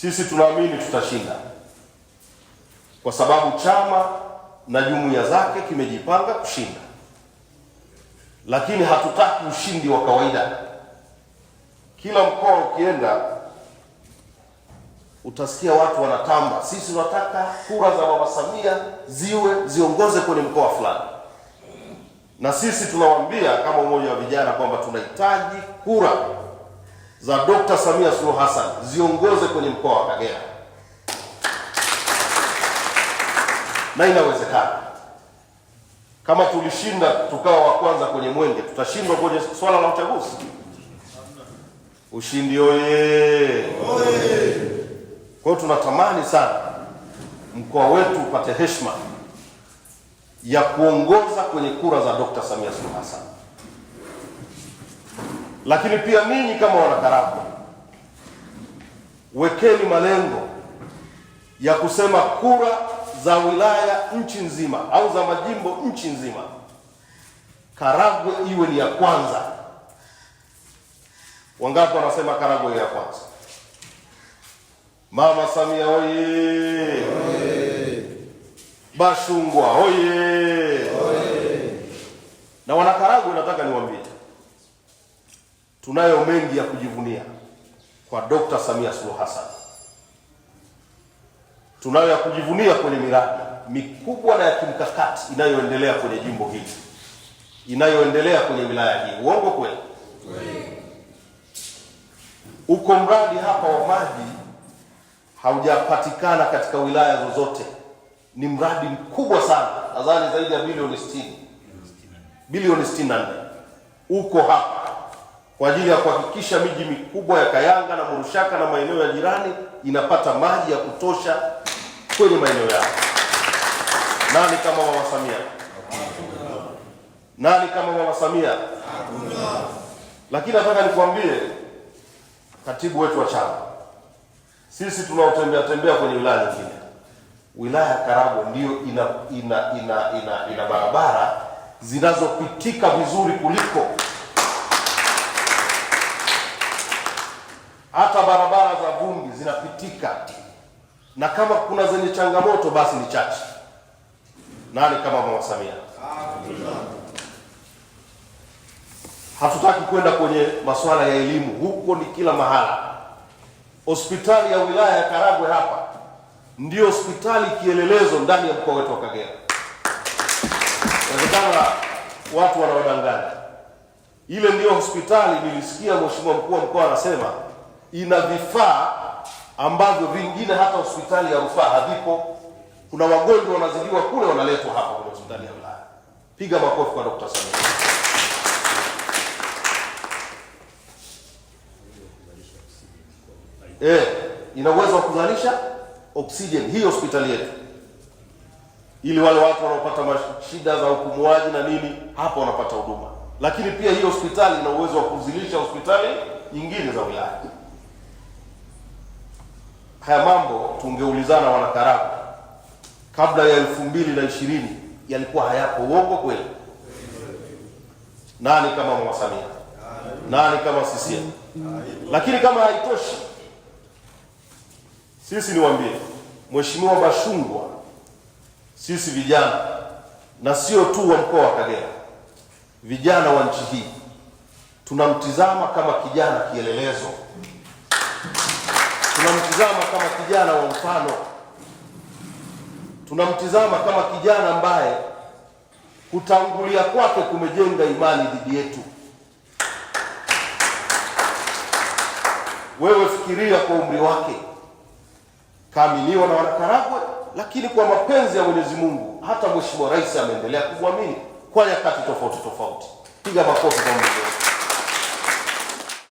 Sisi tunaamini tutashinda, kwa sababu chama na jumuiya zake kimejipanga kushinda, lakini hatutaki ushindi wa kawaida. Kila mkoa ukienda utasikia watu wanatamba, sisi tunataka kura za mama Samia ziwe ziongoze kwenye mkoa fulani, na sisi tunawaambia kama umoja wa vijana kwamba tunahitaji kura za Dkt. Samia Suluhu Hassan ziongoze kwenye mkoa wa Kagera na inawezekana. Kama tulishinda tukawa wa kwanza kwenye mwenge, tutashindwa kwenye swala la uchaguzi? Ushindi oye! Kwa hiyo tunatamani sana mkoa wetu upate heshima ya kuongoza kwenye kura za Dkt. Samia Suluhu Hassan. Lakini pia ninyi kama wanakaragwe, wekeni malengo ya kusema kura za wilaya nchi nzima au za majimbo nchi nzima, Karagwe iwe ni ya kwanza. Wangapi wanasema Karagwe iwe ya kwanza? Mama Samia oye! Bashungwa oye! Na wanakaragwe, nataka niwaambie Tunayo mengi ya kujivunia kwa Dkt. Samia Suluhu Hassan. Tunayo ya kujivunia kwenye miradi mikubwa na ya kimkakati inayoendelea kwenye jimbo hili, inayoendelea kwenye wilaya hii. Uongo kweli? Uko mradi hapa wa maji haujapatikana katika wilaya zozote, ni mradi mkubwa sana, nadhani zaidi ya bilioni 60, bilioni 64 uko hapa kwa ajili ya kuhakikisha miji mikubwa ya Kayanga na Murushaka na maeneo ya jirani inapata maji ya kutosha kwenye maeneo yao. Nani kama mama Samia? Nani kama mama Samia? Lakini nataka nikwambie, katibu wetu wa chama, sisi tunaotembea tembea kwenye wilaya nyingine, wilaya ya Karagwe ndiyo ina ina ina, ina, ina barabara zinazopitika vizuri kuliko hata barabara za vumbi zinapitika, na kama kuna zenye changamoto basi ni chache. Nani kama mama Samia? Hatutaki kwenda kwenye masuala ya elimu, huko ni kila mahala. Hospitali ya wilaya ya Karagwe hapa ndio hospitali kielelezo ndani ya mkoa wetu wa Kagera. Inawezekana watu wanaodanganya, ile ndiyo hospitali. Nilisikia mheshimiwa mkuu wa mkoa anasema ina vifaa ambavyo vingine hata hospitali ya rufaa havipo. Kuna wagonjwa wanazidiwa kule, wanaletwa hapa kwenye hospitali ya wilaya. Piga makofi kwa Dr. Samia. Eh, ina uwezo wa kuzalisha oxygen hii hospitali yetu, ili wale watu wanaopata shida za upumuaji na nini hapa wanapata huduma, lakini pia hii hospitali ina uwezo wa kuzilisha hospitali nyingine za wilaya. Haya mambo tungeulizana, Wanakaragu, kabla ya elfu mbili na ishirini yalikuwa hayapo. Uongo kweli? Nani kama Mama Samia? Nani kama sisi? Lakini kama haitoshi, sisi niwaambie, Mheshimiwa Bashungwa, sisi vijana na sio tu wa mkoa wa Kagera, vijana wa nchi hii tunamtizama kama kijana kielelezo tunamtizama kama kijana wa mfano, tunamtizama kama kijana ambaye kutangulia kwake kumejenga imani dhidi yetu. Wewe fikiria kwa umri wake, kaaminiwa na Wanakaragwe, lakini kwa mapenzi ya Mwenyezi Mungu hata Mheshimiwa Rais ameendelea kumwamini kwa nyakati tofauti tofauti. Piga makofi kwa Mungu.